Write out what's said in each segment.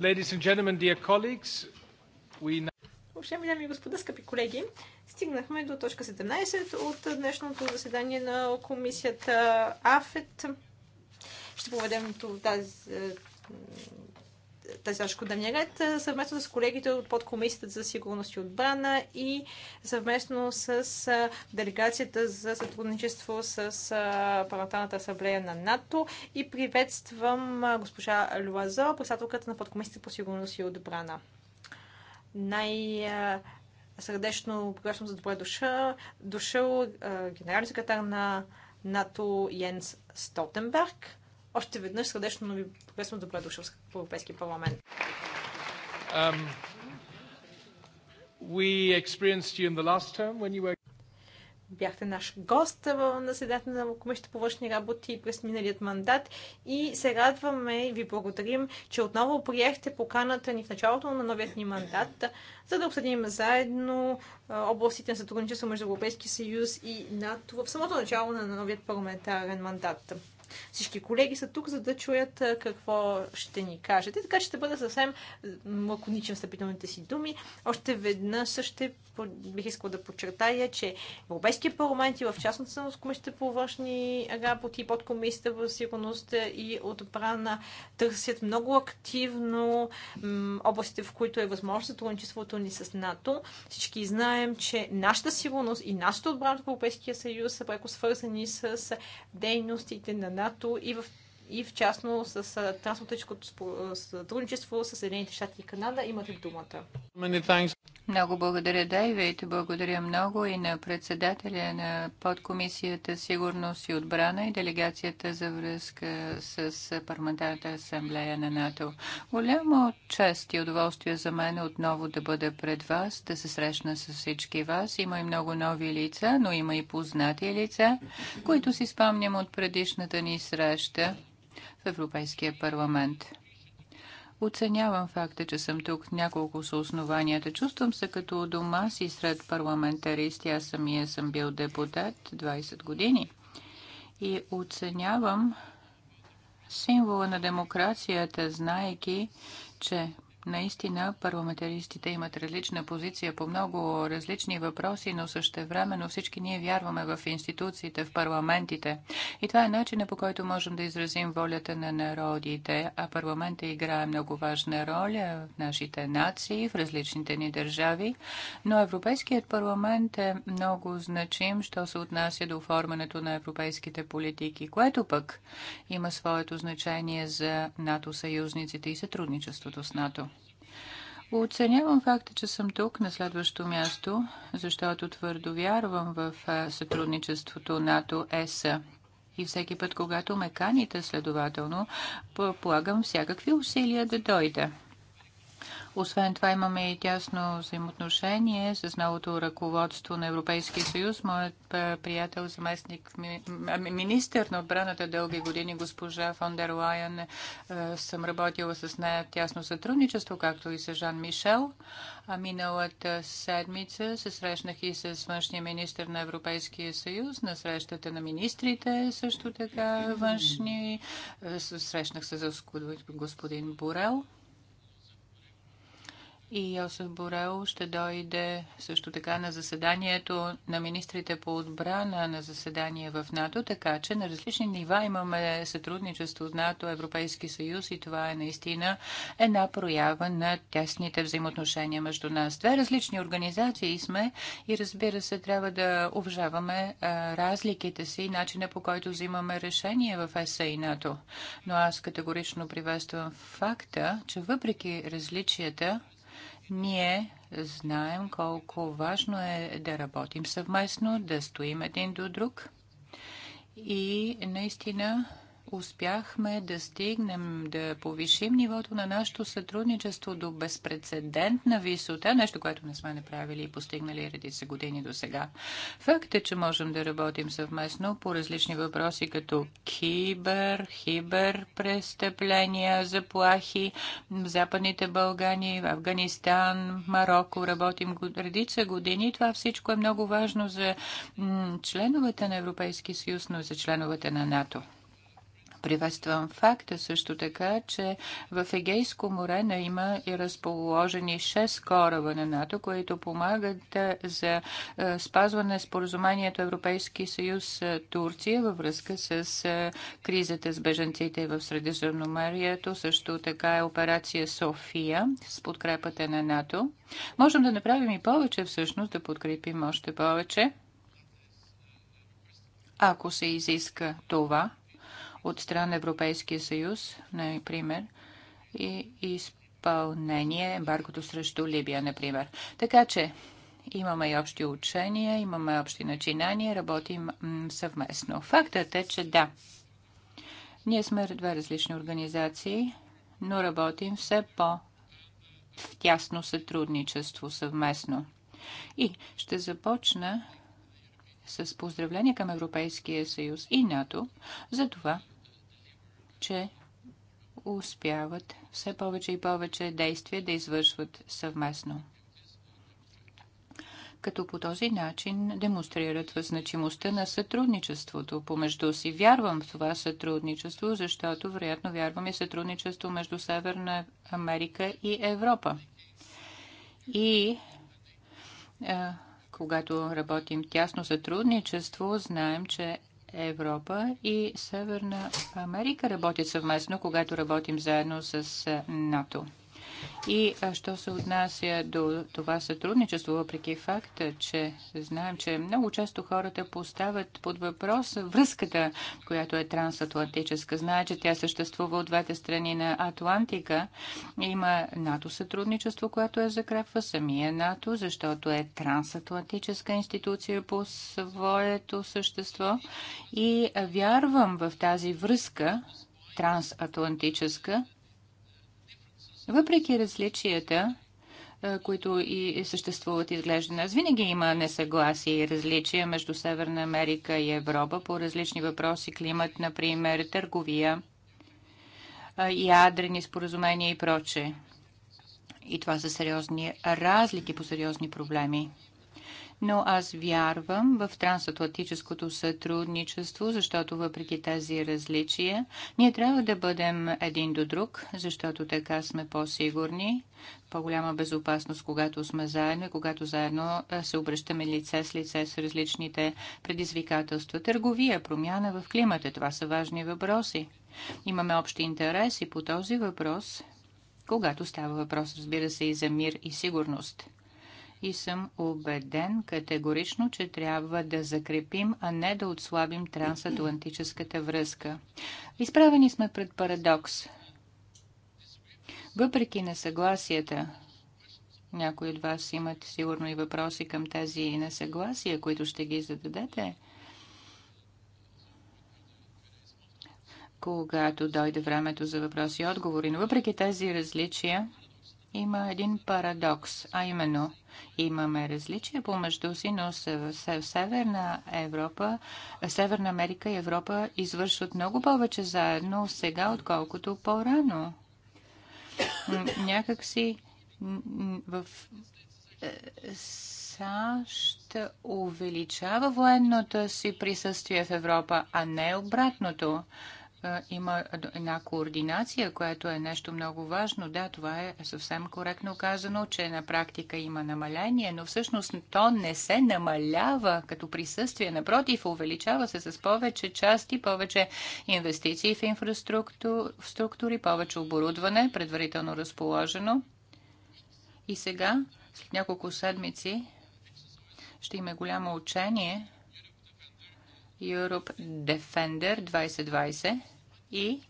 Ladies and gentlemen, dear colleagues, we now... Уважаеми дами и господа, скъпи колеги, стигнахме до точка 17 от днешното заседание на комисията АФЕТ. Ще поведем тази тази точка дневния ред, съвместно с колегите от подкомисията за сигурност и отбрана и съвместно с делегацията за сътрудничество с парламентарната асамблея на НАТО и приветствам госпожа Луазо, председателката на подкомисията по сигурност и отбрана. Най- сърдечно приглашам за добре душа, дошъл генерален секретар на НАТО Йенс Столтенберг. Още веднъж сърдечно ви приветствам добре дошъл в Европейския парламент. Um, we experienced you in the last term when you were бяхте наш гост на седата на Комисията по външни работи през миналият мандат и се радваме и ви благодарим, че отново приехте поканата ни в началото на новият ни мандат, за да обсъдим заедно областите на сътрудничество между Европейския съюз и НАТО в самото начало на новият парламентарен мандат. Всички колеги са тук, за да чуят какво ще ни кажете. Така че ще бъда съвсем лаконичен с си думи. Още веднъж ще бих искала да подчертая, че Европейския парламент и в частност с Комисията по външни работи и подкомисията в сигурност и отбрана търсят много активно областите, в които е възможно сътрудничеството ни с НАТО. Всички знаем, че нашата сигурност и нашата отбрана в Европейския съюз са преко свързани с дейностите на НАТО НАТО и в и в частно с трансатлантическото сътрудничество с Съединените щати и Канада. Имате думата. Много благодаря, Дайвейт. Благодаря много и на председателя на подкомисията Сигурност и отбрана и делегацията за връзка с парламентарната асамблея на НАТО. Голямо чест и удоволствие за мен отново да бъда пред вас, да се срещна с всички вас. Има и много нови лица, но има и познати лица, които си спомням от предишната ни среща в Европейския парламент. Оценявам факта, че съм тук. Няколко са основанията. Чувствам се като у дома си сред парламентаристи. Аз самия съм бил депутат 20 години. И оценявам символа на демокрацията, знаеки, че Наистина, парламентаристите имат различна позиция по много различни въпроси, но но всички ние вярваме в институциите, в парламентите. И това е начинът по който можем да изразим волята на народите, а парламентът играе много важна роля в нашите нации, в различните ни държави. Но Европейският парламент е много значим, що се отнася до оформянето на европейските политики, което пък има своето значение за НАТО-съюзниците и сътрудничеството с НАТО. Оценявам факта, че съм тук на следващо място, защото твърдо вярвам в сътрудничеството НАТО-ЕС. И всеки път, когато ме каните следователно, полагам всякакви усилия да дойда. Освен това имаме и тясно взаимоотношение с новото ръководство на Европейския съюз. Моят приятел, заместник ми, министър на отбраната дълги години, госпожа фон дер Лайен, съм работила с нея тясно сътрудничество, както и с Жан Мишел. А миналата седмица се срещнах и с външния министр на Европейския съюз на срещата на министрите, също така външни. Срещнах се с господин Борел. И Йосиф Борел ще дойде също така на заседанието на министрите по отбрана на заседание в НАТО, така че на различни нива имаме сътрудничество с НАТО, Европейски съюз и това е наистина една проява на тесните взаимоотношения между нас. Две различни организации сме и разбира се трябва да уважаваме разликите си и начина по който взимаме решение в ЕСА и НАТО. Но аз категорично приветствам факта, че въпреки различията, ние знаем колко важно е да работим съвместно, да стоим един до друг и наистина успяхме да стигнем, да повишим нивото на нашето сътрудничество до безпредседентна висота, нещо, което не сме направили и постигнали редица години до сега. Факт е, че можем да работим съвместно по различни въпроси, като кибер, хибер престъпления, заплахи, Западните Балгани, Афганистан, Марокко, работим редица години. Това всичко е много важно за членовете на Европейски съюз, но и за членовете на НАТО. Приветствам факта също така, че в Егейско море има и разположени 6 кораба на НАТО, които помагат за спазване споразумението Европейски съюз Турция във връзка с кризата с беженците в Средиземноморието. Също така е операция София с подкрепата на НАТО. Можем да направим и повече всъщност, да подкрепим още повече ако се изиска това от страна на Европейския съюз, например, и изпълнение ембаргото срещу Либия, например. Така че имаме и общи учения, имаме общи начинания, работим съвместно. Фактът е, че да, ние сме две различни организации, но работим все по в тясно сътрудничество съвместно. И ще започна с поздравление към Европейския съюз и НАТО за това, че успяват все повече и повече действия да извършват съвместно. Като по този начин демонстрират значимостта на сътрудничеството помежду си. Вярвам в това сътрудничество, защото вероятно вярвам и сътрудничество между Северна Америка и Европа. И когато работим тясно сътрудничество, знаем, че Европа и Северна Америка работят съвместно, когато работим заедно с е, НАТО. И а, що се отнася до това сътрудничество, въпреки факта, че знаем, че много често хората поставят под въпрос връзката, която е трансатлантическа. Знае, че тя съществува от двете страни на Атлантика. Има НАТО сътрудничество, което е закрепва самия НАТО, защото е трансатлантическа институция по своето същество. И вярвам в тази връзка трансатлантическа, въпреки различията, които и съществуват изглежда. нас, винаги има несъгласие и различия между Северна Америка и Европа по различни въпроси, климат, например, търговия, ядрени споразумения и прочее. И това са сериозни разлики по сериозни проблеми но аз вярвам в трансатлантическото сътрудничество, защото въпреки тези различия, ние трябва да бъдем един до друг, защото така сме по-сигурни, по-голяма безопасност, когато сме заедно и когато заедно се обръщаме лице с лице с различните предизвикателства. Търговия, промяна в климата, това са важни въпроси. Имаме общи интереси по този въпрос, когато става въпрос, разбира се, и за мир и сигурност и съм убеден категорично, че трябва да закрепим, а не да отслабим трансатлантическата връзка. Изправени сме пред парадокс. Въпреки несъгласията, някои от вас имат сигурно и въпроси към тези несъгласия, които ще ги зададете. когато дойде времето за въпроси и отговори. Но въпреки тези различия, има един парадокс, а именно имаме различия помежду си, но в Северна Европа, Северна Америка и Европа извършват много повече заедно сега, отколкото по-рано. Някак си в е, САЩ увеличава военното си присъствие в Европа, а не обратното има една координация, което е нещо много важно. Да, това е съвсем коректно казано, че на практика има намаление, но всъщност то не се намалява като присъствие. Напротив, увеличава се с повече части, повече инвестиции в инфраструктури, повече оборудване, предварително разположено. И сега, след няколко седмици, ще има голямо учение – Europe Defender 2020 и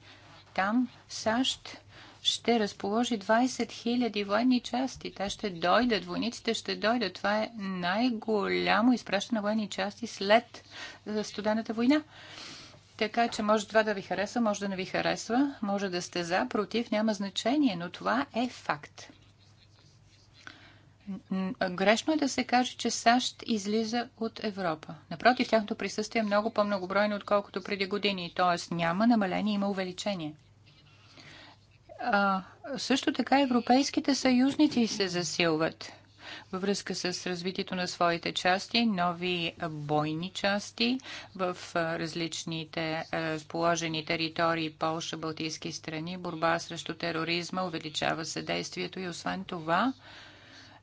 там САЩ ще разположи 20 000 военни части. Те ще дойдат, войниците ще дойдат. Това е най-голямо изпращане на военни части след студената война. Така че може това да ви харесва, може да не ви харесва, може да сте за, против, няма значение, но това е факт грешно е да се каже, че САЩ излиза от Европа. Напротив, тяхното присъствие е много по-многобройно, отколкото преди години. Тоест няма намаление, има увеличение. А, също така европейските съюзници се засилват във връзка с развитието на своите части, нови бойни части в различните разположени територии Полша, Балтийски страни, борба срещу тероризма, увеличава се действието и освен това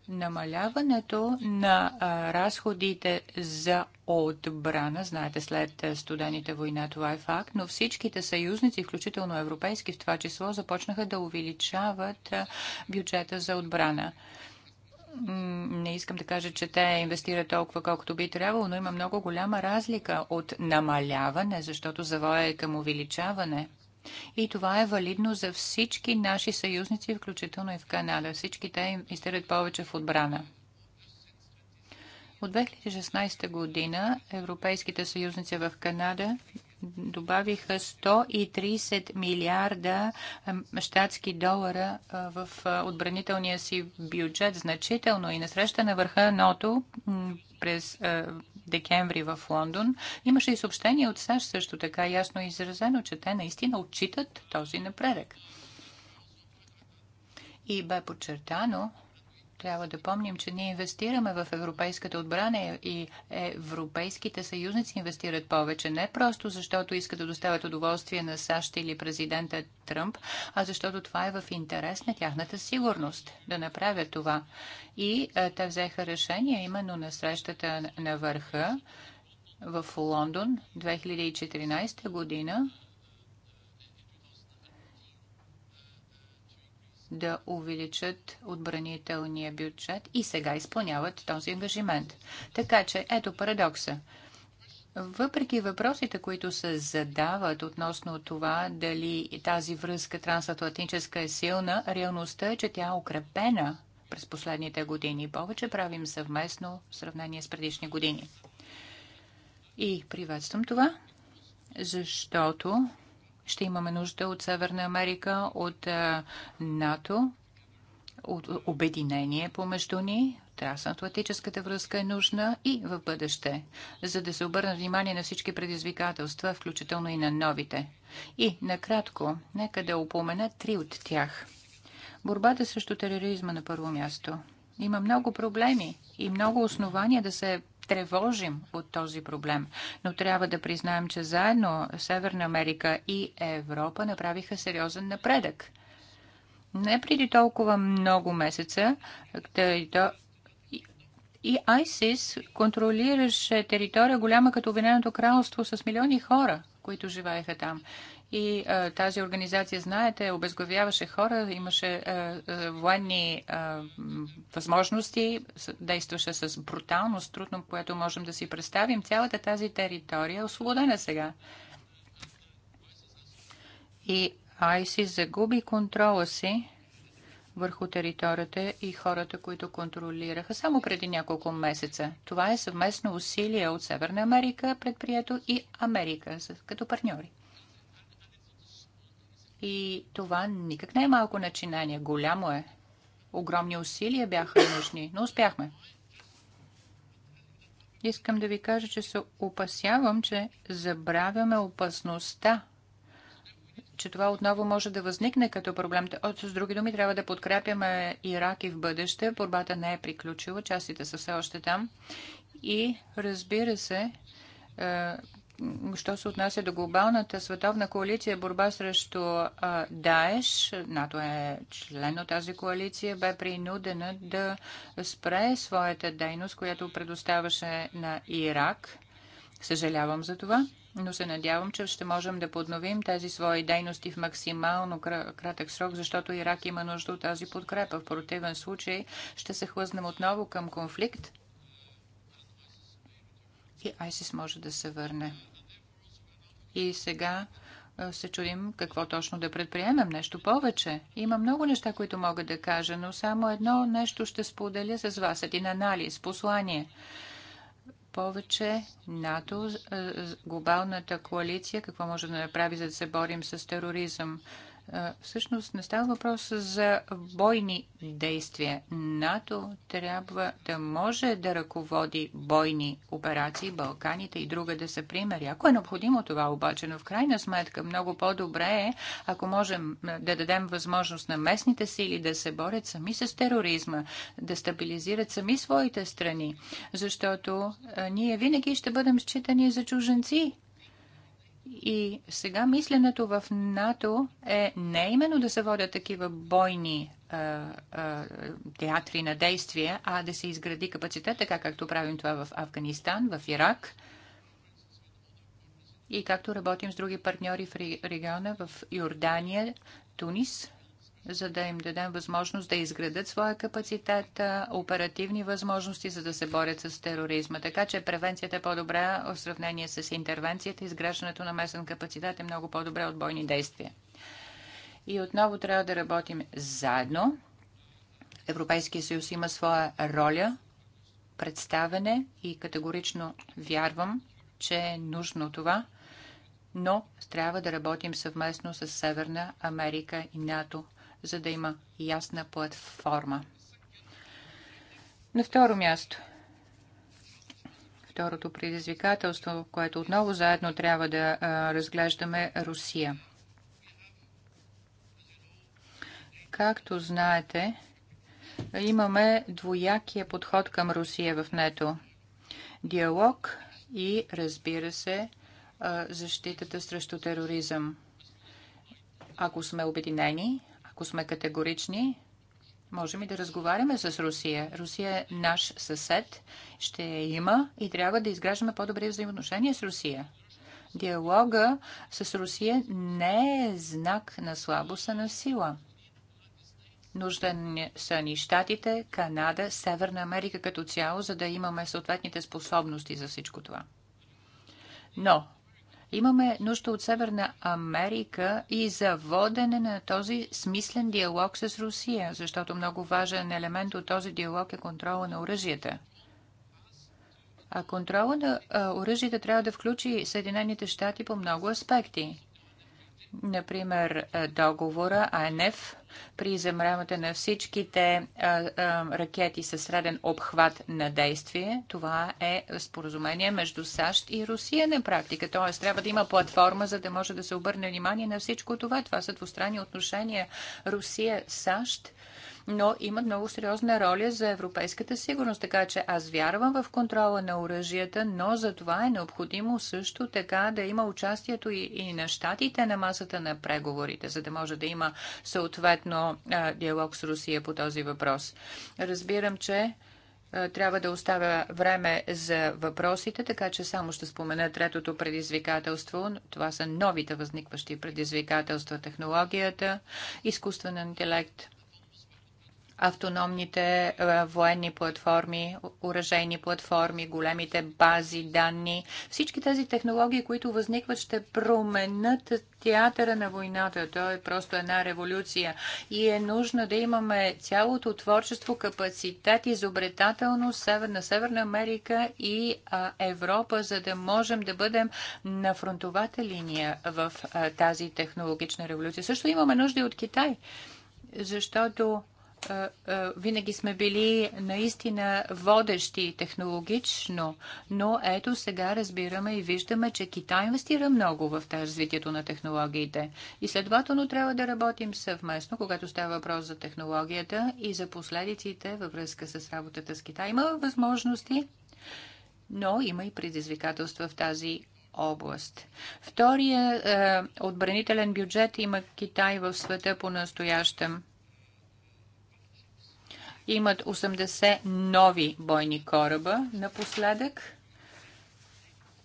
Намаляването на разходите за отбрана, знаете след студените война, това е факт, но всичките съюзници, включително европейски в това число, започнаха да увеличават бюджета за отбрана не искам да кажа, че те инвестират толкова, колкото би трябвало, но има много голяма разлика от намаляване, защото завоя е към увеличаване. И това е валидно за всички наши съюзници, включително и в Канада. Всички те инвестират повече в отбрана. От 2016 година европейските съюзници в Канада добавиха 130 милиарда щатски долара е, в е, отбранителния си бюджет значително и на среща на върха НОТО през е, декември в Лондон. Имаше и съобщение от САЩ също така ясно изразено, че те наистина отчитат този напредък. И бе подчертано, трябва да помним, че ние инвестираме в европейската отбрана и европейските съюзници инвестират повече. Не просто защото искат да доставят удоволствие на САЩ или президента Тръмп, а защото това е в интерес на тяхната сигурност да направят това. И е, те взеха решение именно на срещата на върха в Лондон 2014 година да увеличат отбранителния бюджет и сега изпълняват този ангажимент. Така че, ето парадокса. Въпреки въпросите, които се задават относно това дали тази връзка трансатлантическа е силна, реалността е, че тя е укрепена през последните години. Повече правим съвместно в сравнение с предишни години. И приветствам това, защото ще имаме нужда от Северна Америка, от е, НАТО, от обединение помежду ни, Трансатлантическата връзка е нужна и в бъдеще, за да се обърна внимание на всички предизвикателства, включително и на новите. И, накратко, нека да упомена три от тях. Борбата срещу тероризма на първо място – има много проблеми и много основания да се тревожим от този проблем. Но трябва да признаем, че заедно Северна Америка и Европа направиха сериозен напредък. Не преди толкова много месеца, тъй и ISIS контролираше територия голяма като Обединеното кралство с милиони хора, които живееха там. И а, тази организация, знаете, обезглавяваше хора, имаше а, военни а, възможности, действаше с бруталност, трудно, което можем да си представим. Цялата тази територия е освободена сега. И Айси загуби контрола си върху територията и хората, които контролираха само преди няколко месеца. Това е съвместно усилие от Северна Америка, предприето и Америка като партньори. И това никак не е малко начинание. Голямо е. Огромни усилия бяха нужни, но успяхме. Искам да ви кажа, че се опасявам, че забравяме опасността, че това отново може да възникне като проблем. От, с други думи, трябва да подкрепяме Ирак и в бъдеще. Борбата не е приключила, частите са все още там. И, разбира се, е, що се отнася до глобалната световна коалиция борба срещу Даеш, НАТО е член от тази коалиция, бе принудена да спре своята дейност, която предоставаше на Ирак. Съжалявам за това, но се надявам, че ще можем да подновим тези свои дейности в максимално кратък срок, защото Ирак има нужда от тази подкрепа. В противен случай ще се хлъзнем отново към конфликт и ISIS може да се върне. И сега се чудим какво точно да предприемем, нещо повече. Има много неща, които мога да кажа, но само едно нещо ще споделя с вас. Един анализ, послание. Повече НАТО, глобалната коалиция, какво може да направи, за да се борим с тероризъм всъщност не става въпрос за бойни действия. НАТО трябва да може да ръководи бойни операции, Балканите и друга да са примери. Ако е необходимо това обаче, но в крайна сметка много по-добре е, ако можем да дадем възможност на местните сили да се борят сами с тероризма, да стабилизират сами своите страни, защото ние винаги ще бъдем считани за чуженци и сега мисленето в НАТО е не именно да се водят такива бойни а, а, театри на действия, а да се изгради капацитет, така както правим това в Афганистан, в Ирак и както работим с други партньори в региона, в Йордания, Тунис, за да им дадем възможност да изградат своя капацитет, оперативни възможности, за да се борят с тероризма. Така че превенцията е по-добра в сравнение с интервенцията. Изграждането на местен капацитет е много по-добре от бойни действия. И отново трябва да работим заедно. Европейския съюз има своя роля, представене и категорично вярвам, че е нужно това но трябва да работим съвместно с Северна Америка и НАТО за да има ясна платформа. На второ място, второто предизвикателство, което отново заедно трябва да разглеждаме Русия. Както знаете, имаме двоякия подход към Русия в нето. Диалог и, разбира се, защитата срещу тероризъм. Ако сме обединени, ако сме категорични, можем и да разговаряме с Русия. Русия е наш съсед, ще я има и трябва да изграждаме по-добри взаимоотношения с Русия. Диалога с Русия не е знак на слабост, а на сила. Нужда са ни Штатите, Канада, Северна Америка като цяло, за да имаме съответните способности за всичко това. Но Имаме нужда от Северна Америка и за водене на този смислен диалог с Русия, защото много важен елемент от този диалог е контрола на оръжията. А контрола на оръжията трябва да включи Съединените щати по много аспекти. Например, договора АНФ – при иземраването на всичките а, а, ракети със среден обхват на действие. Това е споразумение между САЩ и Русия на практика. Тоест, трябва да има платформа, за да може да се обърне внимание на всичко това. Това са двустранни отношения Русия-САЩ но имат много сериозна роля за европейската сигурност. Така че аз вярвам в контрола на оръжията, но за това е необходимо също така да има участието и, и на щатите на масата на преговорите, за да може да има съответно конкретно диалог с Русия по този въпрос. Разбирам, че трябва да оставя време за въпросите, така че само ще спомена третото предизвикателство. Това са новите възникващи предизвикателства, технологията, изкуствен интелект – автономните военни платформи, уражейни платформи, големите бази данни. Всички тези технологии, които възникват, ще променят театъра на войната. То е просто една революция. И е нужно да имаме цялото творчество, капацитет, изобретателност на Северна Америка и Европа, за да можем да бъдем на фронтовата линия в тази технологична революция. Също имаме нужда и от Китай, защото винаги сме били наистина водещи технологично, но ето сега разбираме и виждаме, че Китай инвестира много в развитието на технологиите. И следователно трябва да работим съвместно, когато става въпрос за технологията и за последиците във връзка с работата с Китай. Има възможности, но има и предизвикателства в тази област. Втория е, отбранителен бюджет има Китай в света по настоящем – имат 80 нови бойни кораба напоследък.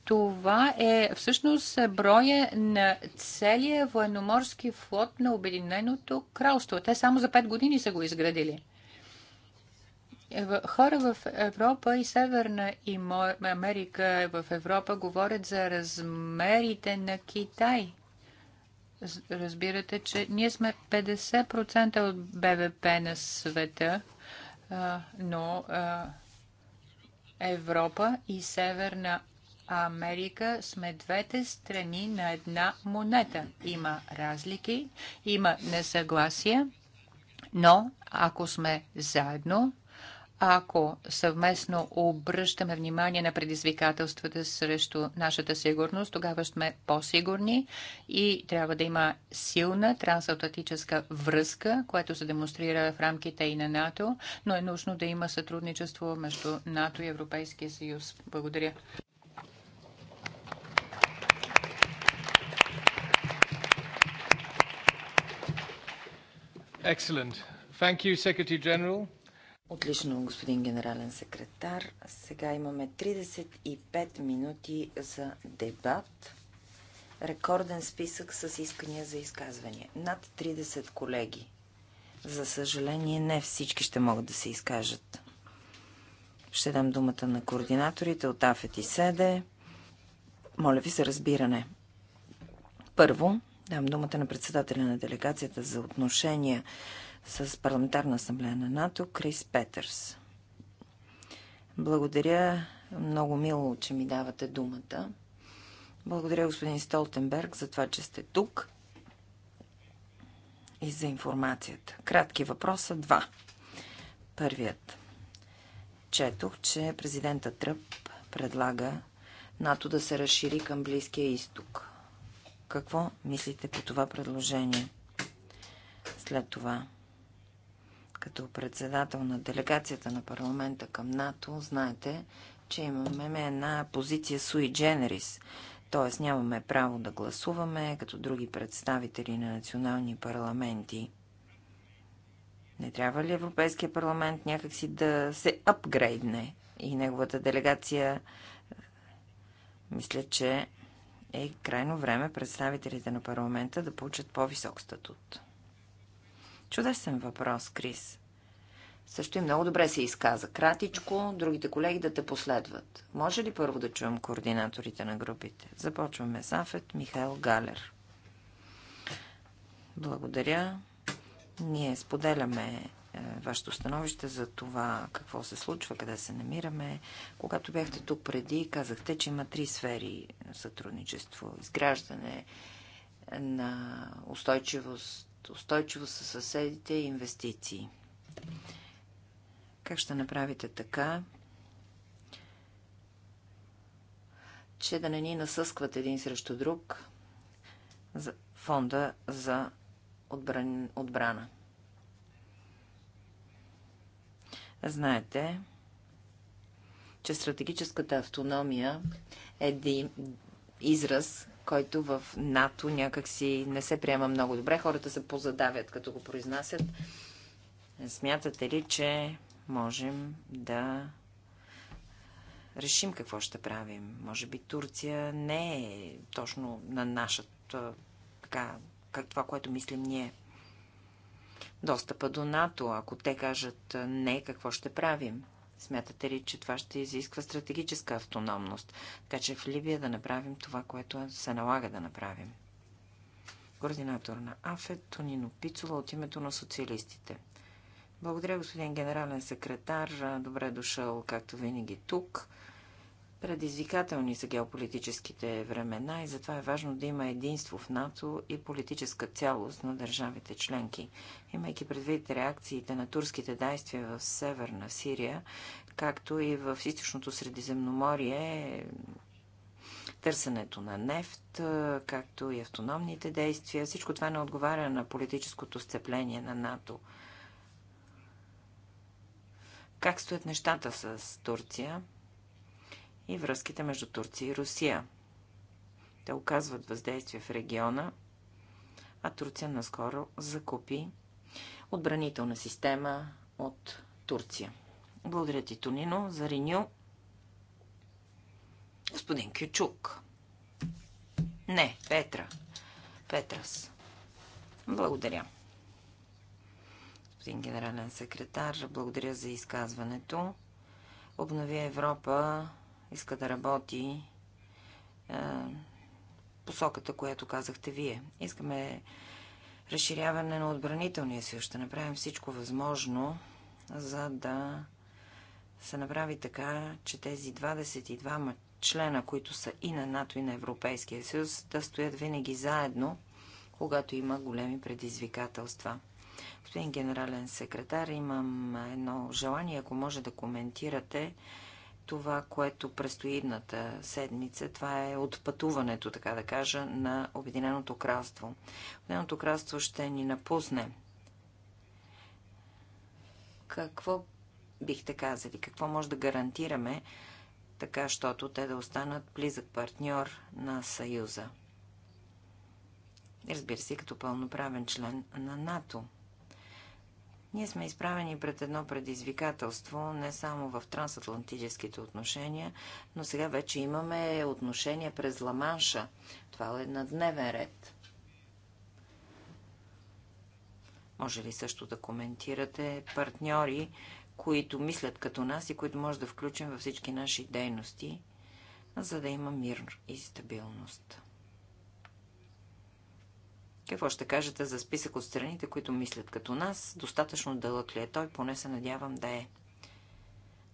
Това е всъщност броя на целия военноморски флот на Обединеното кралство. Те само за 5 години са го изградили хора в Европа и Северна и Америка в Европа говорят за размерите на Китай. Разбирате, че ние сме 50% от БВП на света но Европа и Северна Америка сме двете страни на една монета. Има разлики, има несъгласия, но ако сме заедно, ако съвместно обръщаме внимание на предизвикателствата срещу нашата сигурност, тогава сме по-сигурни и трябва да има силна трансатлантическа връзка, което се демонстрира в рамките и на НАТО, но е нужно да има сътрудничество между НАТО и Европейския съюз. Благодаря. Excellent. Thank you, Secretary General. Отлично, господин генерален секретар. Сега имаме 35 минути за дебат. Рекорден списък с искания за изказвания. Над 30 колеги. За съжаление, не всички ще могат да се изкажат. Ще дам думата на координаторите от АФЕТ и СЕДЕ. Моля ви за разбиране. Първо, дам думата на председателя на делегацията за отношения с Парламентарна асамблея на НАТО Крис Петърс. Благодаря много мило, че ми давате думата. Благодаря, господин Столтенберг, за това, че сте тук и за информацията. Кратки въпроса два. Първият. Четох, че президента Тръп предлага НАТО да се разшири към Близкия изток. Какво мислите по това предложение? След това. Като председател на делегацията на парламента към НАТО, знаете, че имаме една позиция sui generis, т.е. нямаме право да гласуваме като други представители на национални парламенти. Не трябва ли Европейския парламент някакси да се апгрейдне и неговата делегация мисля, че е крайно време представителите на парламента да получат по-висок статут. Чудесен въпрос, Крис. Също и много добре се изказа. Кратичко, другите колеги да те последват. Може ли първо да чуем координаторите на групите? Започваме с Афет Михаил Галер. Благодаря. Ние споделяме е, вашето становище за това какво се случва, къде се намираме. Когато бяхте тук преди, казахте, че има три сфери е, сътрудничество. Изграждане е, на устойчивост устойчиво със съседите и инвестиции. Как ще направите така, че да не ни насъскват един срещу друг за фонда за отбран... отбрана? Знаете, че стратегическата автономия е един израз, който в НАТО някакси не се приема много добре. Хората се позадавят, като го произнасят. Смятате ли, че можем да решим какво ще правим? Може би Турция не е точно на нашата, така, как това, което мислим ние. Достъпа до НАТО, ако те кажат не, какво ще правим? Смятате ли, че това ще изисква стратегическа автономност, така че в Либия да направим това, което се налага да направим? Координатор на АФЕ Тонино Пицула от името на социалистите. Благодаря, господин генерален секретар. Добре дошъл, както винаги, тук. Предизвикателни са геополитическите времена и затова е важно да има единство в НАТО и политическа цялост на държавите членки. Имайки предвид реакциите на турските действия в северна Сирия, както и в източното Средиземноморие, търсенето на нефт, както и автономните действия, всичко това не отговаря на политическото сцепление на НАТО. Как стоят нещата с Турция? и връзките между Турция и Русия. Те оказват въздействие в региона, а Турция наскоро закупи отбранителна система от Турция. Благодаря ти, Тонино, за Риню. Господин Кючук. Не, Петра. Петрас. Благодаря. Господин генерален секретар, благодаря за изказването. Обнови Европа иска да работи а, е, посоката, която казахте вие. Искаме разширяване на отбранителния съюз. Ще направим всичко възможно, за да се направи така, че тези 22 члена, които са и на НАТО, и на Европейския съюз, да стоят винаги заедно, когато има големи предизвикателства. Господин генерален секретар, имам едно желание, ако може да коментирате това, което предстои едната седмица, това е отпътуването, така да кажа, на Обединеното кралство. Обединеното кралство ще ни напусне. Какво бихте казали? Какво може да гарантираме, така, щото те да останат близък партньор на Съюза? Разбира се, като пълноправен член на НАТО – ние сме изправени пред едно предизвикателство, не само в трансатлантическите отношения, но сега вече имаме отношения през Ламанша. Това е на дневен ред. Може ли също да коментирате партньори, които мислят като нас и които може да включим във всички наши дейности, за да има мир и стабилност? Какво ще кажете за списък от страните, които мислят като нас? Достатъчно дълъг ли е той? Поне се надявам да е.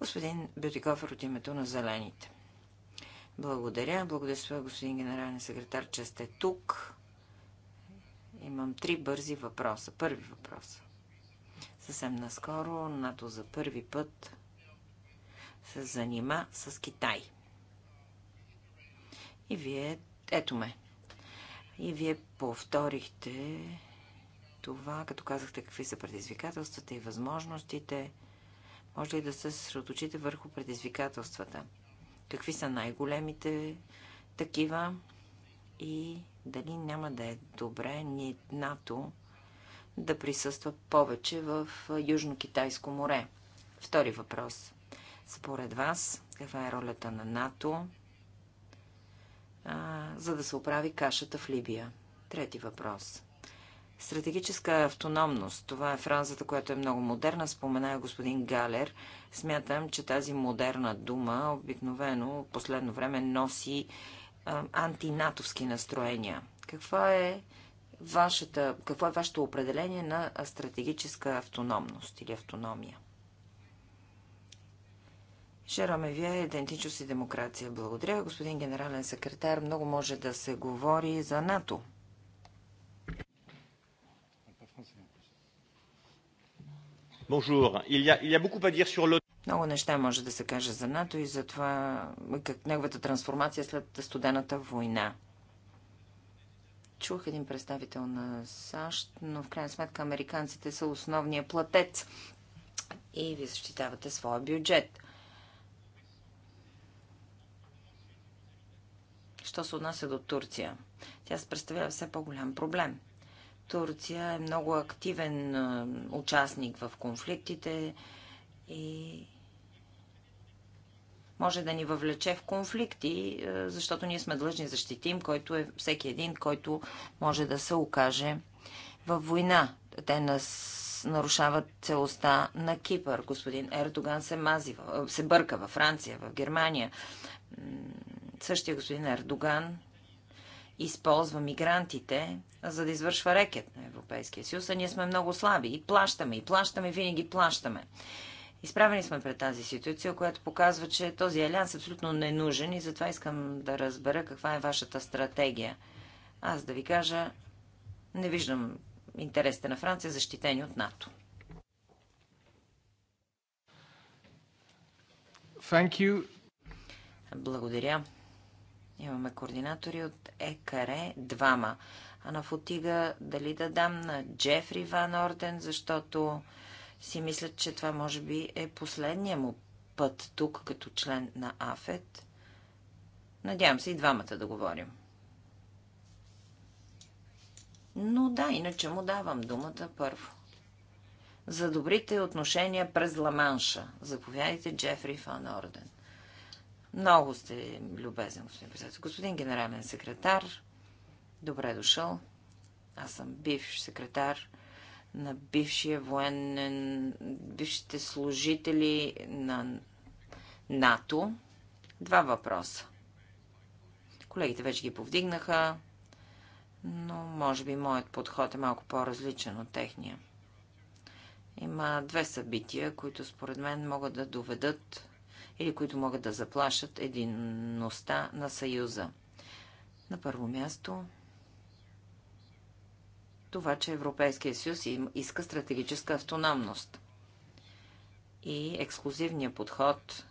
Господин Бютикофер от името на Зелените. Благодаря. Благодаря, господин генерален секретар, че сте тук. Имам три бързи въпроса. Първи въпрос. Съвсем наскоро НАТО за първи път се занима с Китай. И вие, ето ме, и вие повторихте това, като казахте какви са предизвикателствата и възможностите. Може ли да се съсредоточите върху предизвикателствата? Какви са най-големите такива? И дали няма да е добре ни НАТО да присъства повече в Южно-Китайско море? Втори въпрос. Според вас, каква е ролята на НАТО а, за да се оправи кашата в Либия? Трети въпрос. Стратегическа автономност. Това е фразата, която е много модерна. Споменая господин Галер. Смятам, че тази модерна дума обикновено в последно време носи а, антинатовски настроения. Каква е вашата, какво е вашето определение на стратегическа автономност или автономия? Шаромевия е идентичност и демокрация. Благодаря, господин генерален секретар. Много може да се говори за НАТО. Много неща може да се каже за НАТО и за това, как неговата трансформация след студената война. Чух един представител на САЩ, но в крайна сметка американците са основния платец и ви защитавате своя бюджет. Що се отнася до Турция? Тя се представлява все по-голям проблем. Турция е много активен участник в конфликтите и може да ни въвлече в конфликти, защото ние сме длъжни защитим, който е всеки един, който може да се окаже във война. Те нас нарушават целостта на Кипър. Господин Ердоган се мази, се бърка във Франция, в Германия. Същия господин Ердоган използва мигрантите, за да извършва рекет на Европейския съюз, а ние сме много слаби и плащаме, и плащаме, винаги плащаме. Изправени сме пред тази ситуация, която показва, че този алианс е абсолютно ненужен и затова искам да разбера каква е вашата стратегия. Аз да ви кажа, не виждам интересите на Франция защитени от НАТО. Thank you. Благодаря. Имаме координатори от ЕКАРЕ, двама. А на Фотига дали да дам на Джефри Ван Орден, защото си мислят, че това може би е последния му път тук като член на АФЕТ. Надявам се и двамата да говорим. Но да, иначе му давам думата първо. За добрите отношения през Ламанша. Заповядайте, Джефри Фан Орден. Много сте любезен, господин председател. Господин генерален секретар, добре дошъл. Аз съм бивш секретар на бившия военен, бившите служители на НАТО. Два въпроса. Колегите вече ги повдигнаха, но може би моят подход е малко по-различен от техния. Има две събития, които според мен могат да доведат или които могат да заплашат единността на Съюза. На първо място това, че Европейския съюз иска стратегическа автономност и ексклюзивния подход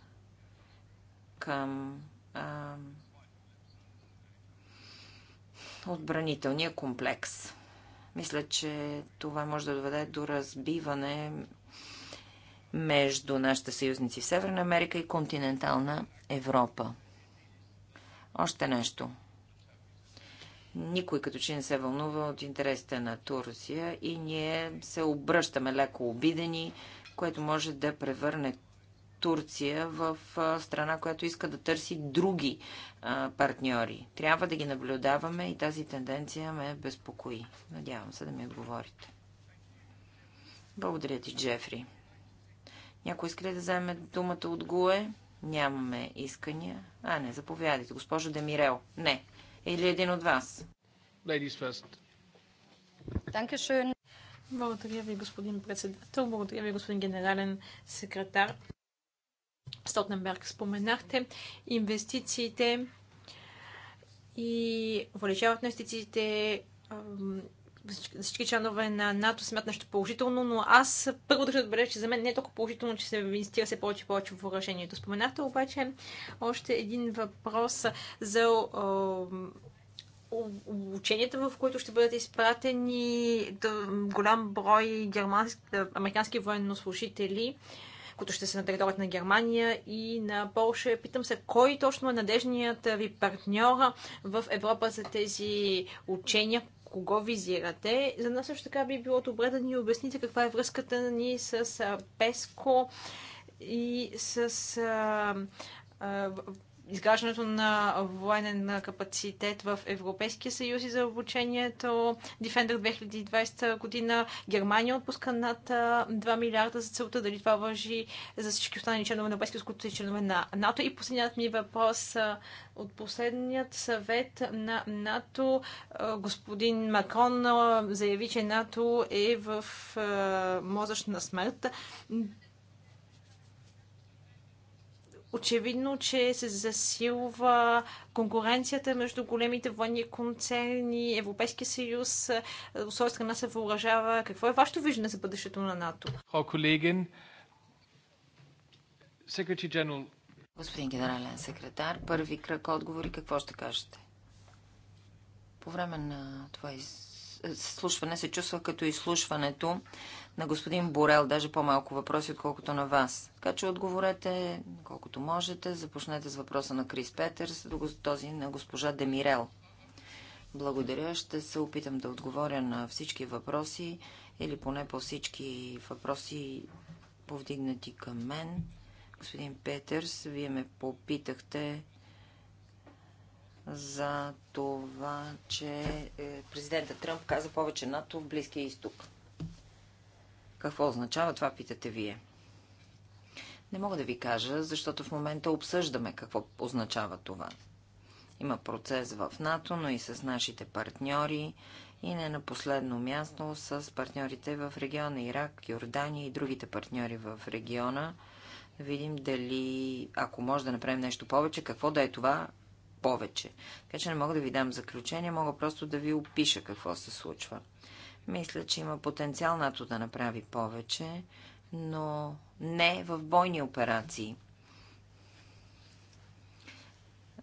към а, отбранителния комплекс. Мисля, че това може да доведе до разбиване между нашите съюзници в Северна Америка и континентална Европа. Още нещо. Никой като че не се вълнува от интересите на Турция и ние се обръщаме леко обидени, което може да превърне Турция в страна, която иска да търси други партньори. Трябва да ги наблюдаваме и тази тенденция ме безпокои. Надявам се да ми отговорите. Благодаря ти, Джефри. Някой иска ли да вземе думата от ГУЕ? Нямаме искания. А, не, заповядайте. Госпожо Демирел. Не. Или един от вас. Ladies first. Благодаря ви, господин председател. Благодаря ви, господин генерален секретар. Стотненберг споменахте. Инвестициите и увеличават инвестициите всички членове на НАТО смятат нещо положително, но аз първо да ще отбележа, че за мен не е толкова положително, че се инвестира се повече и повече в въоръжението. Споменахте обаче още един въпрос за ученията, в които ще бъдат изпратени голям брой американски военнослужители които ще са на територията на Германия и на Польша. Питам се, кой точно е надежният ви партньор в Европа за тези учения? кого визирате. За нас също така би било добре да ни обясните каква е връзката ни с ПЕСКО и с изграждането на военен капацитет в Европейския съюз и за обучението Defender 2020 година. Германия отпуска над 2 милиарда за целта. Дали това въжи за всички останали членове на Европейския съюз, и членове на НАТО? И последният ми въпрос от последният съвет на НАТО. Господин Макрон заяви, че НАТО е в мозъчна смърт очевидно, че се засилва конкуренцията между големите военни концерни, Европейския съюз, е, от своя страна се въоръжава. Какво е вашето виждане за бъдещето на НАТО? Господин генерален секретар, първи кръг отговори, какво ще кажете? По време на това из... Е, слушване се чувства като изслушването на господин Борел, даже по-малко въпроси, отколкото на вас. Така че отговорете колкото можете. Започнете с въпроса на Крис Петърс, този на госпожа Демирел. Благодаря. Ще се опитам да отговоря на всички въпроси или поне по всички въпроси повдигнати към мен. Господин Петърс, вие ме попитахте за това, че е, президента Тръмп каза повече НАТО в Близкия изток. Какво означава това, питате вие? Не мога да ви кажа, защото в момента обсъждаме какво означава това. Има процес в НАТО, но и с нашите партньори и не на последно място с партньорите в региона Ирак, Йордания и другите партньори в региона. Да видим дали, ако може да направим нещо повече, какво да е това повече. Така че не мога да ви дам заключение, мога просто да ви опиша какво се случва. Мисля, че има потенциал НАТО да направи повече, но не в бойни операции.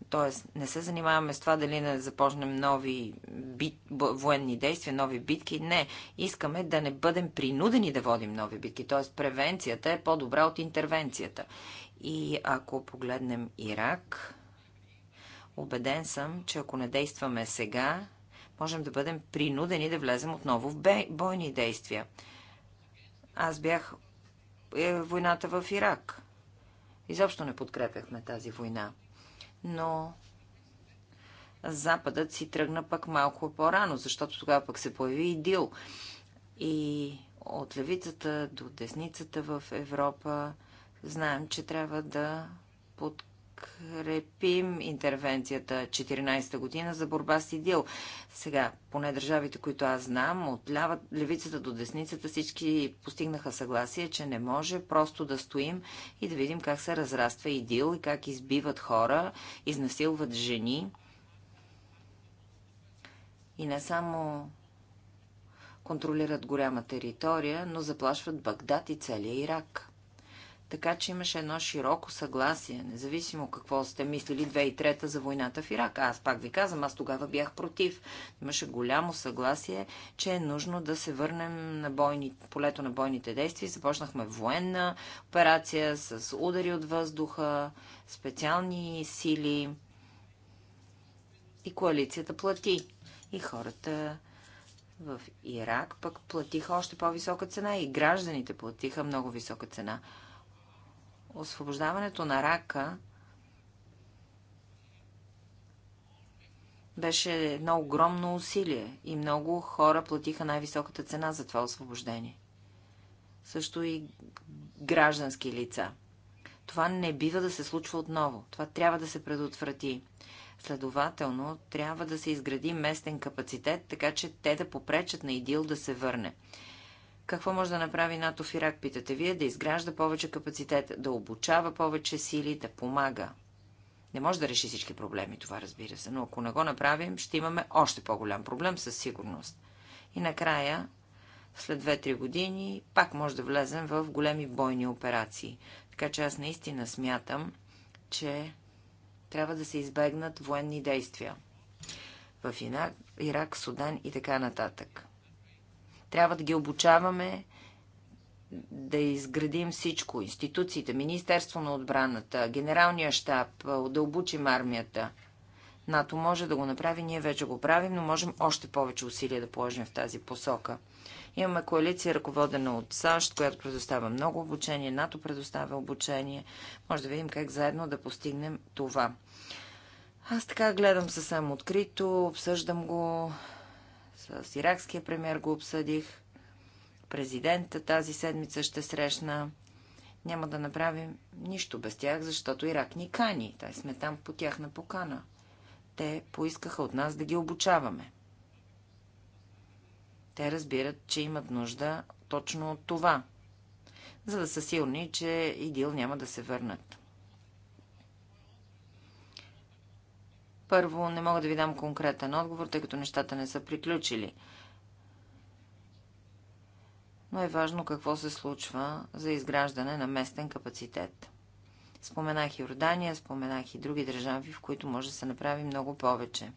Тоест, не се занимаваме с това дали не започнем нови бит, военни действия, нови битки. Не. Искаме да не бъдем принудени да водим нови битки. Тоест, превенцията е по-добра от интервенцията. И ако погледнем Ирак, убеден съм, че ако не действаме сега, можем да бъдем принудени да влезем отново в бойни действия. Аз бях е, войната в Ирак. Изобщо не подкрепяхме тази война. Но Западът си тръгна пък малко по-рано, защото тогава пък се появи и дил. И от левицата до десницата в Европа знаем, че трябва да подкрепим подкрепим интервенцията 14-та година за борба с идил. Сега, поне държавите, които аз знам, от лява, левицата до десницата, всички постигнаха съгласие, че не може просто да стоим и да видим как се разраства идил и как избиват хора, изнасилват жени. И не само контролират голяма територия, но заплашват Багдад и целия Ирак. Така че имаше едно широко съгласие, независимо какво сте мислили 2003 за войната в Ирак. Аз пак ви казвам, аз тогава бях против. Имаше голямо съгласие, че е нужно да се върнем на бойни, полето на бойните действия. Започнахме военна операция с удари от въздуха, специални сили. И коалицията плати. И хората в Ирак пък платиха още по-висока цена и гражданите платиха много висока цена освобождаването на рака беше едно огромно усилие и много хора платиха най-високата цена за това освобождение. Също и граждански лица. Това не бива да се случва отново. Това трябва да се предотврати. Следователно, трябва да се изгради местен капацитет, така че те да попречат на ИДИЛ да се върне. Какво може да направи НАТО в Ирак, питате вие? Да изгражда повече капацитет, да обучава повече сили, да помага. Не може да реши всички проблеми, това разбира се, но ако не го направим, ще имаме още по-голям проблем със сигурност. И накрая, след 2-3 години, пак може да влезем в големи бойни операции. Така че аз наистина смятам, че трябва да се избегнат военни действия в Ирак, Судан и така нататък. Трябва да ги обучаваме, да изградим всичко. Институциите, Министерство на отбраната, Генералния щаб, да обучим армията. НАТО може да го направи, ние вече го правим, но можем още повече усилия да положим в тази посока. Имаме коалиция, ръководена от САЩ, която предоставя много обучение, НАТО предоставя обучение. Може да видим как заедно да постигнем това. Аз така гледам съвсем открито, обсъждам го, с иракския премьер го обсъдих. Президента тази седмица ще срещна. Няма да направим нищо без тях, защото Ирак ни кани. Тай сме там по тяхна покана. Те поискаха от нас да ги обучаваме. Те разбират, че имат нужда точно от това, за да са силни, че ИДИЛ няма да се върнат. Първо, не мога да ви дам конкретен отговор, тъй като нещата не са приключили. Но е важно какво се случва за изграждане на местен капацитет. Споменах и Йордания, споменах и други държави, в които може да се направи много повече.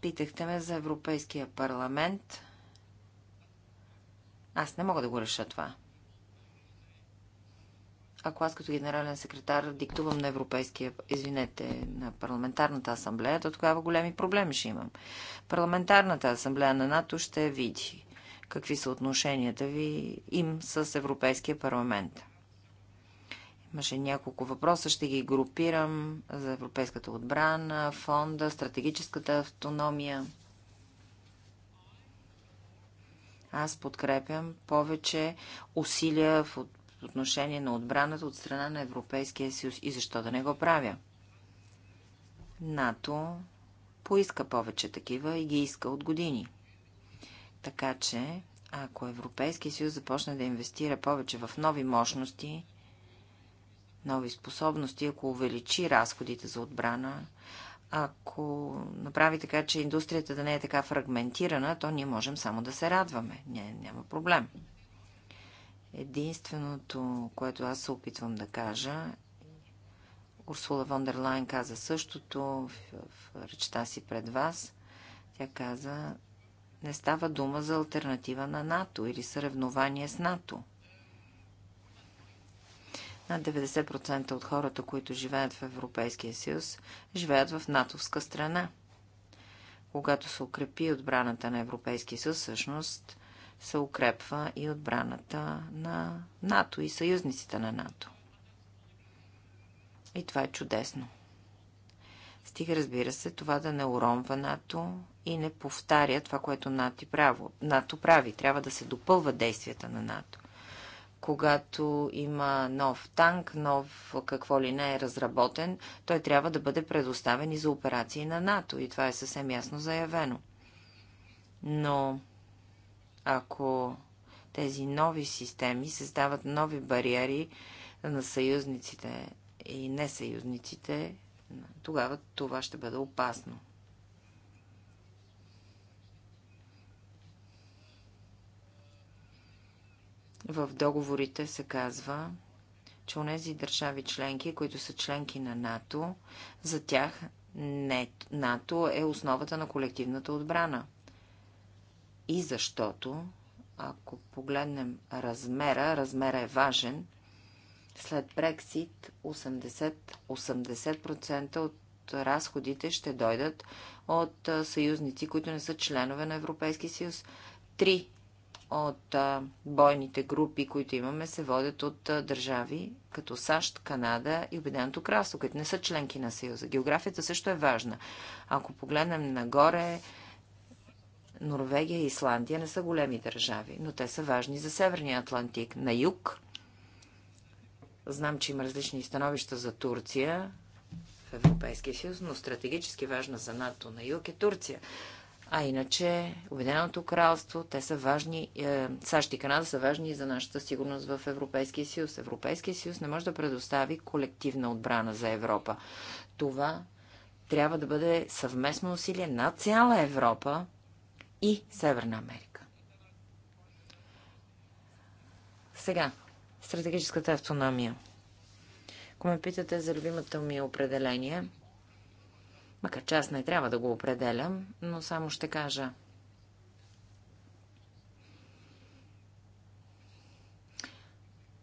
Питахте ме за Европейския парламент. Аз не мога да го реша това ако аз като генерален секретар диктувам на Европейския, извинете, на Парламентарната асамблея, то тогава големи проблеми ще имам. Парламентарната асамблея на НАТО ще види какви са отношенията ви им с Европейския парламент. Имаше няколко въпроса, ще ги групирам за европейската отбрана, фонда, стратегическата автономия. Аз подкрепям повече усилия в отношение на отбраната от страна на Европейския съюз. И защо да не го правя? НАТО поиска повече такива и ги иска от години. Така че, ако Европейския съюз започне да инвестира повече в нови мощности, нови способности, ако увеличи разходите за отбрана, ако направи така, че индустрията да не е така фрагментирана, то ние можем само да се радваме. Не, няма проблем. Единственото, което аз се опитвам да кажа, Урсула Вондерлайн каза същото в, в речта си пред вас. Тя каза, не става дума за альтернатива на НАТО или съревнование с НАТО. Над 90% от хората, които живеят в Европейския съюз, живеят в натовска страна. Когато се укрепи отбраната на Европейския съюз, всъщност се укрепва и отбраната на НАТО и съюзниците на НАТО. И това е чудесно. Стига, разбира се, това да не уронва НАТО и не повтаря това, което НАТО прави. НАТО прави. Трябва да се допълва действията на НАТО. Когато има нов танк, нов какво ли не е разработен, той трябва да бъде предоставен и за операции на НАТО. И това е съвсем ясно заявено. Но ако тези нови системи създават нови бариери на съюзниците и несъюзниците, тогава това ще бъде опасно. В договорите се казва, че у нези държави членки, които са членки на НАТО, за тях не, НАТО е основата на колективната отбрана – и защото, ако погледнем размера, размера е важен, след Брексит 80%, 80% от разходите ще дойдат от съюзници, които не са членове на Европейския съюз. Три от бойните групи, които имаме, се водят от държави като САЩ, Канада и Обединеното кралство, които не са членки на Съюза. Географията също е важна. Ако погледнем нагоре, Норвегия и Исландия не са големи държави, но те са важни за Северния Атлантик. На юг знам, че има различни становища за Турция в Европейския съюз, но стратегически важна за НАТО на юг е Турция. А иначе Обединеното кралство, те са важни, е, САЩ и Канада са важни и за нашата сигурност в Европейския съюз. Европейския съюз не може да предостави колективна отбрана за Европа. Това трябва да бъде съвместно усилие на цяла Европа и Северна Америка. Сега, стратегическата автономия. Ако ме питате за любимото ми определение, макар че аз не трябва да го определям, но само ще кажа.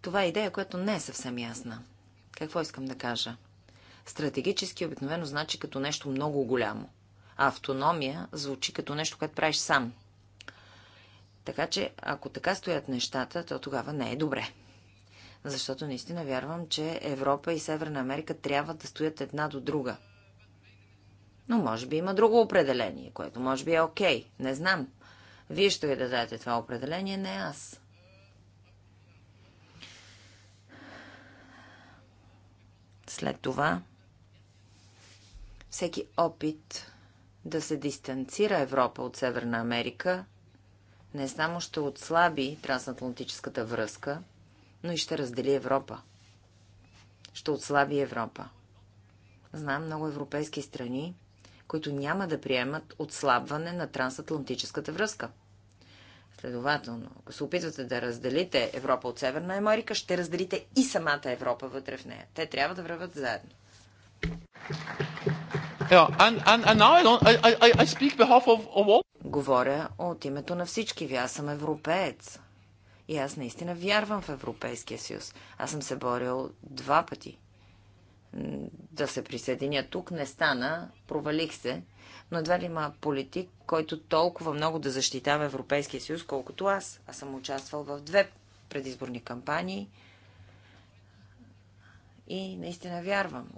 Това е идея, която не е съвсем ясна. Какво искам да кажа? Стратегически обикновено значи като нещо много голямо. А автономия звучи като нещо, което правиш сам. Така че, ако така стоят нещата, то тогава не е добре. Защото наистина вярвам, че Европа и Северна Америка трябва да стоят една до друга. Но може би има друго определение, което може би е окей. Okay. Не знам. Вие ще ви дадете това определение, не аз. След това всеки опит да се дистанцира Европа от Северна Америка, не само ще отслаби трансатлантическата връзка, но и ще раздели Европа. Ще отслаби Европа. Знам много европейски страни, които няма да приемат отслабване на трансатлантическата връзка. Следователно, ако се опитвате да разделите Европа от Северна Америка, ще разделите и самата Европа вътре в нея. Те трябва да върват заедно. Говоря от името на всички ви. Аз съм европеец. И аз наистина вярвам в Европейския съюз. Аз съм се борил два пъти. Да се присъединя тук не стана, провалих се, но едва ли има политик, който толкова много да защитава Европейския съюз, колкото аз. Аз съм участвал в две предизборни кампании и наистина вярвам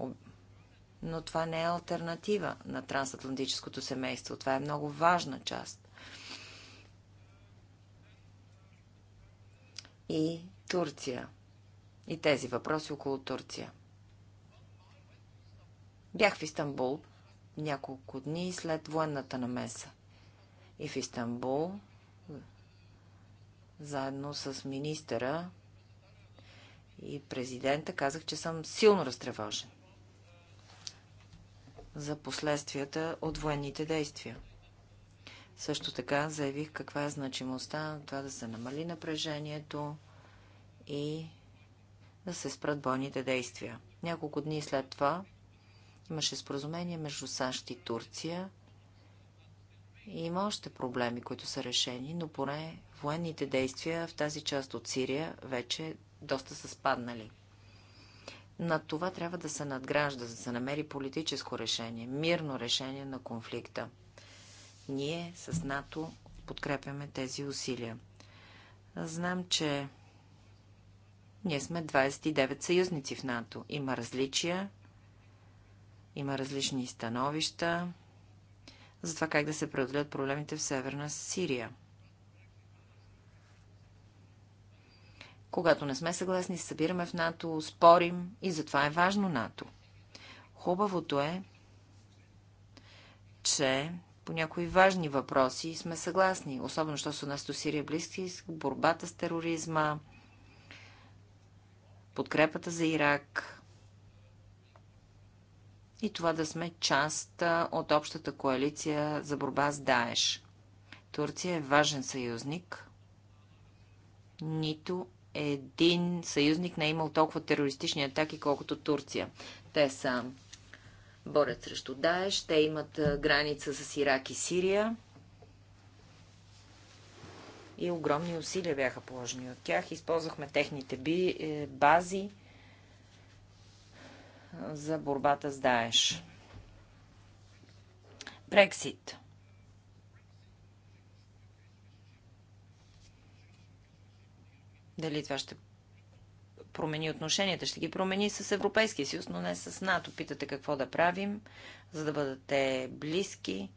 но това не е альтернатива на трансатлантическото семейство. Това е много важна част. И Турция. И тези въпроси около Турция. Бях в Истанбул няколко дни след военната намеса. И в Истанбул, заедно с министъра и президента, казах, че съм силно разтревожен за последствията от военните действия. Също така заявих каква е значимостта на това да се намали напрежението и да се спрат бойните действия. Няколко дни след това имаше споразумение между САЩ и Турция. И има още проблеми, които са решени, но поне военните действия в тази част от Сирия вече доста са спаднали. На това трябва да се надгражда, за да се намери политическо решение, мирно решение на конфликта. Ние с НАТО подкрепяме тези усилия. Знам, че ние сме 29 съюзници в НАТО. Има различия, има различни становища за това как да се преодолят проблемите в Северна Сирия – Когато не сме съгласни, се събираме в НАТО, спорим и затова е важно НАТО. Хубавото е, че по някои важни въпроси сме съгласни, особено що са нас до Сирия близки, борбата с тероризма, подкрепата за Ирак и това да сме част от общата коалиция за борба с Даеш. Турция е важен съюзник. Нито един съюзник не е имал толкова терористични атаки, колкото Турция. Те са борят срещу Даеш, те имат граница с Ирак и Сирия и огромни усилия бяха положени от тях. Използвахме техните би, е, бази за борбата с Даеш. Брексит. Дали това ще промени отношенията? Ще ги промени с Европейския съюз, но не с НАТО. Питате какво да правим, за да бъдете близки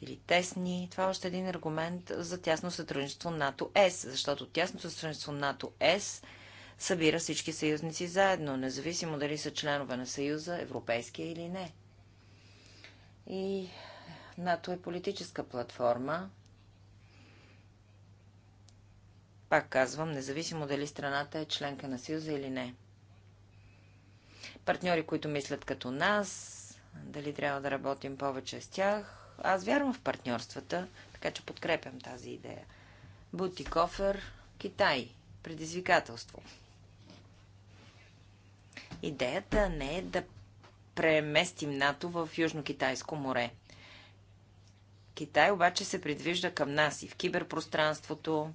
или тесни. Това е още един аргумент за тясно сътрудничество НАТО-ЕС, защото тясното сътрудничество НАТО-ЕС събира всички съюзници заедно, независимо дали са членове на Съюза, европейския или не. И НАТО е политическа платформа, пак казвам, независимо дали страната е членка на Съюза или не. Партньори, които мислят като нас, дали трябва да работим повече с тях. Аз вярвам в партньорствата, така че подкрепям тази идея. Бути кофер, Китай. Предизвикателство. Идеята не е да преместим НАТО в Южно-Китайско море. Китай обаче се придвижда към нас и в киберпространството,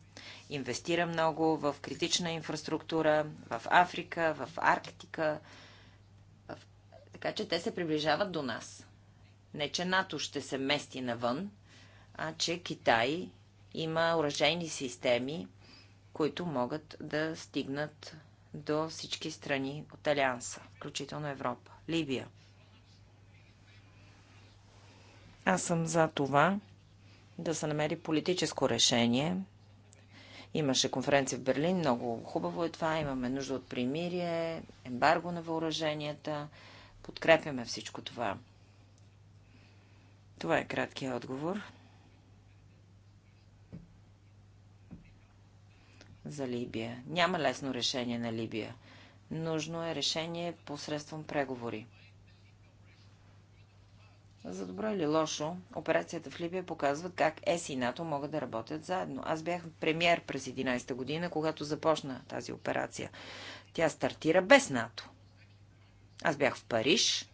инвестира много в критична инфраструктура, в Африка, в Арктика. В... Така че те се приближават до нас. Не, че НАТО ще се мести навън, а че Китай има оръжейни системи, които могат да стигнат до всички страни от Алианса, включително Европа. Либия – аз съм за това да се намери политическо решение. Имаше конференция в Берлин, много хубаво е това, имаме нужда от примирие, ембарго на въоръженията, подкрепяме всичко това. Това е краткият отговор. за Либия. Няма лесно решение на Либия. Нужно е решение посредством преговори. За добро или лошо, операцията в Либия показва как ЕС и НАТО могат да работят заедно. Аз бях премьер през 11-та година, когато започна тази операция. Тя стартира без НАТО. Аз бях в Париж,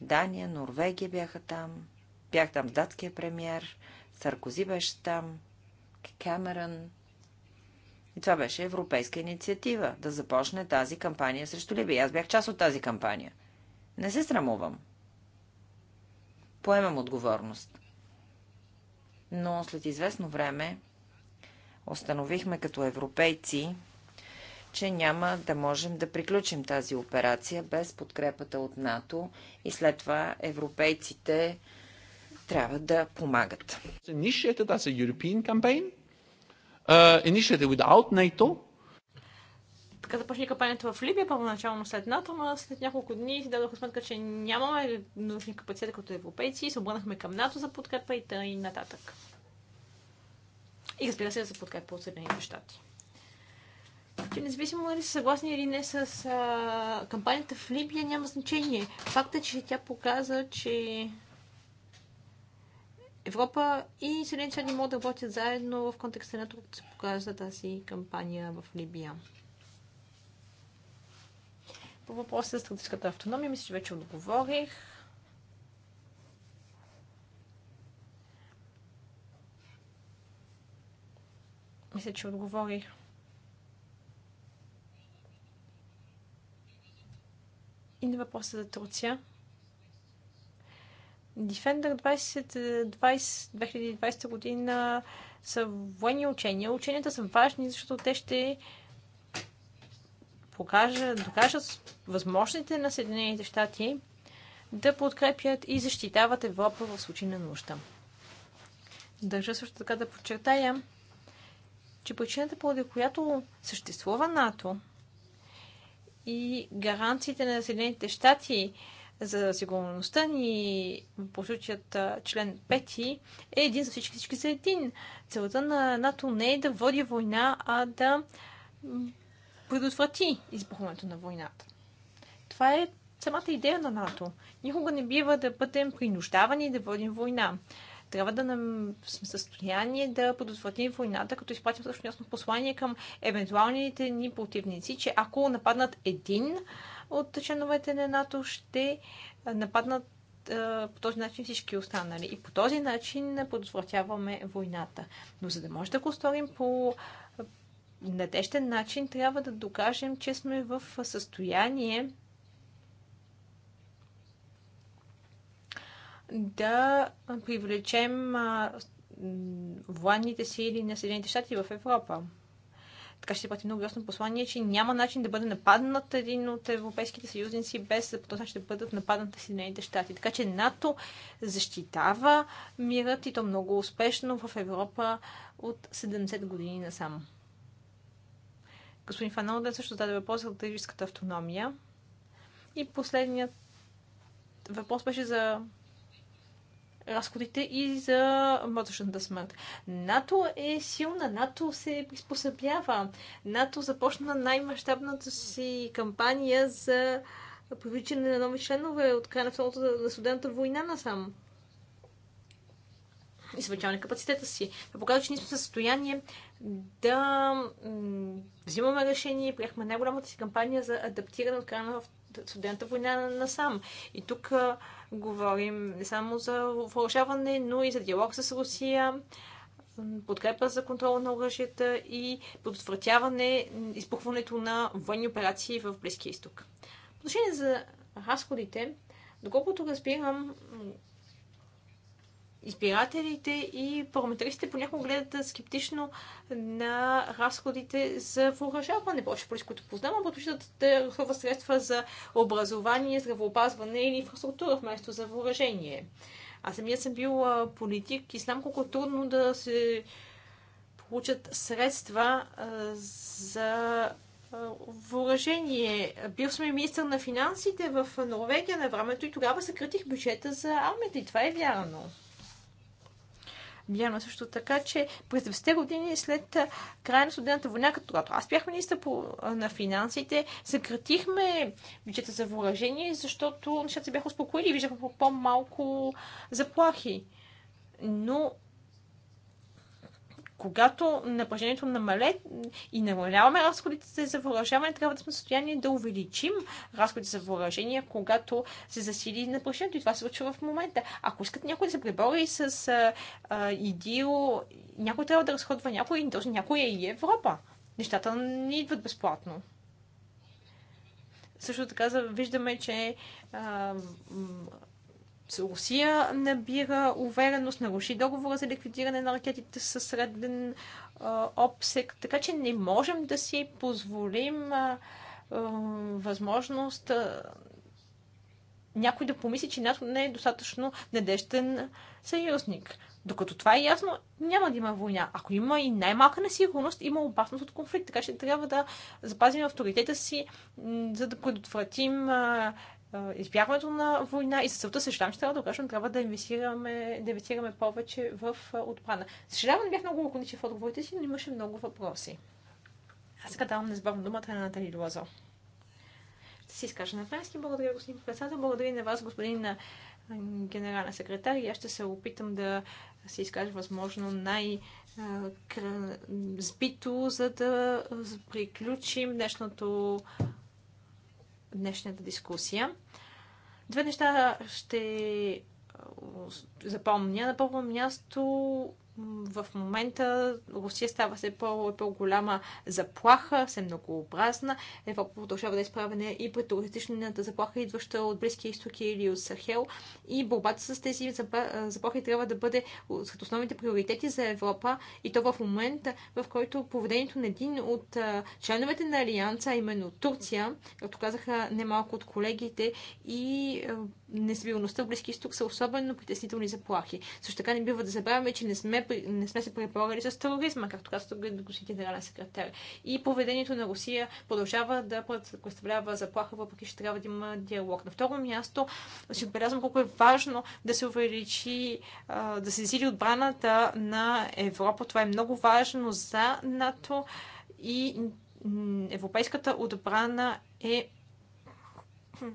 Дания, Норвегия бяха там, бях там с датския премьер, Саркози беше там, Камерън. И това беше европейска инициатива да започне тази кампания срещу Либия. Аз бях част от тази кампания. Не се срамувам. Поемам отговорност. Но след известно време установихме като европейци, че няма да можем да приключим тази операция без подкрепата от НАТО и след това европейците трябва да помагат. Initiated as a European campaign, uh, initiated without NATO, така започне капането в Либия, първоначално след НАТО, но след няколко дни си дадоха сметка, че нямаме нужни капацитети като европейци и се обърнахме към НАТО за подкрепа и т.н. нататък. И разбира се, да се подкрепа от Съединените щати. Че независимо дали са съгласни или не с а, кампанията в Либия, няма значение. Факта, е, че тя показа, че Европа и Съединените щати могат да работят заедно в контекста на това, се показва тази кампания в Либия. По въпроса за стратегическата автономия, мисля, че вече отговорих. Мисля, че отговорих. И на въпроса за Турция. Defender 2020 2020 година са военни учения. Ученията са важни, защото те ще покажат, докажат възможните на Съединените щати да подкрепят и защитават Европа в случай на нужда. Държа също така да подчертая, че причината, поради която съществува НАТО и гаранциите на Съединените щати за сигурността ни по случаят член 5 е един за всички, всички за един. Целта на НАТО не е да води война, а да предотврати избухването на войната. Това е самата идея на НАТО. Никога не бива да бъдем принуждавани да водим война. Трябва да нам сме състояние да предотвратим войната, като изпратим също ясно послание към евентуалните ни противници, че ако нападнат един от членовете на НАТО, ще нападнат по този начин всички останали. И по този начин предотвратяваме войната. Но за да може да го сторим по надежден начин трябва да докажем, че сме в състояние да привлечем военните сили на Съединените щати в Европа. Така ще пъти много ясно послание, че няма начин да бъде нападнат един от европейските съюзници без по този начин да бъдат нападнати Съединените щати. Така че НАТО защитава мирът и то много успешно в Европа от 70 години насам. Господин Фаналден също даде въпрос за стратегическата автономия. И последният въпрос беше за разходите и за мътъчната смърт. НАТО е силна, НАТО се приспособява. НАТО започна най-мащабната си кампания за привличане на нови членове от края на втората на студента война насам и капацитета си. Това показва, че ние сме в състояние да взимаме решение. Приехме най-голямата си кампания за адаптиране от края на студента война насам. И тук а, говорим не само за въоръжаване, но и за диалог с Русия, подкрепа за контрол на оръжията и предотвратяване изпухването на военни операции в Близкия изток. По отношение за разходите, доколкото разбирам, избирателите и парламентаристите понякога гледат скептично на разходите за въоръжаване. Повече полици, които познавам, предпочитат да разходват средства за образование, здравеопазване или инфраструктура вместо за въоръжение. Аз самият съм бил политик и знам колко трудно да се получат средства за въоръжение. Бил съм и министър на финансите в Норвегия на времето и тогава съкратих бюджета за армията и това е вярно. Миляно е също така, че през 20-те години след края на студената война, когато аз бях министър на финансите, съкратихме бюджета за въоръжение, защото нещата се бяха успокоили и виждахме по-малко заплахи. Но когато напрежението намале и намаляваме разходите за въоръжаване, трябва да сме в състояние да увеличим разходите за въоръжение, когато се засили напрежението. И това се случва в момента. Ако искат някой да се пребори с а, а, ИДИО, някой трябва да разходва някой, този някой е и Европа. Нещата не идват безплатно. Също така виждаме, че а, Русия набира увереност, наруши договора за ликвидиране на ракетите със среден а, обсек, така че не можем да си позволим а, а, възможност а, някой да помисли, че НАТО не е достатъчно надежден съюзник. Докато това е ясно, няма да има война. Ако има и най-малка несигурност, има опасност от конфликт. Така че трябва да запазим авторитета си, за да предотвратим избягването на война и за целта съжалявам, че трябва да кажем, трябва да инвестираме, да инвестираме повече в отбрана. Съжалявам, бях много лаконичен в отговорите си, но имаше много въпроси. Аз сега давам незабавно думата на Натали Лозо. Ще си изкажа на френски. Благодаря, господин председател. Благодаря на вас, господин генерална секретар. И аз ще се опитам да се изкажа възможно най- сбито, за да приключим днешното днешната дискусия. Две неща ще запомня. На първо място в момента Русия става все по- по-голяма заплаха, все многообразна. Европа продължава да е изправена и пред туристичната заплаха, идваща от Близкия изток или от Сахел. И борбата с тези заплахи трябва да бъде сред основните приоритети за Европа. И то в момента, в който поведението на един от членовете на Алианса, именно Турция, както казаха немалко от колегите, и несъбилността в Близкия изток са особено притеснителни заплахи. Също така не бива да забравяме, че не сме не сме се преборили с тероризма, както каза господин генерален секретар. И поведението на Русия продължава да представлява заплаха, въпреки че трябва да има диалог. На второ място си отбелязвам колко е важно да се увеличи, да се засили отбраната на Европа. Това е много важно за НАТО и европейската отбрана е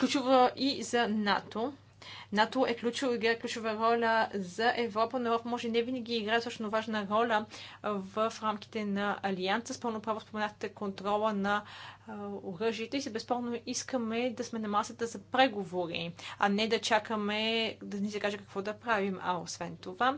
ключова и за НАТО. НАТО е ключов, играе ключова роля за Европа, но Европа може не винаги играе също важна роля в рамките на Алианса. С пълно право споменахте контрола на оръжието и се безспорно искаме да сме на масата за преговори, а не да чакаме да ни се каже какво да правим. А освен това,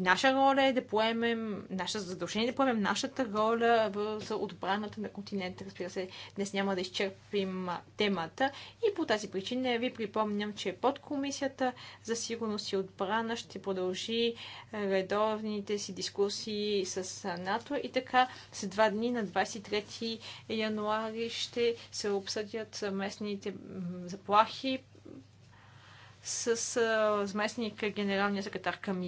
Наша роля е да поемем, наше задължение е да поемем нашата роля за отбраната на континента. Разбира се, днес няма да изчерпим темата и по тази причина ви припомням, че подкомисията за сигурност и отбрана ще продължи редовните си дискусии с НАТО и така след два дни на 23 януари ще се обсъдят съвместните заплахи с заместник генералния секретар Камига.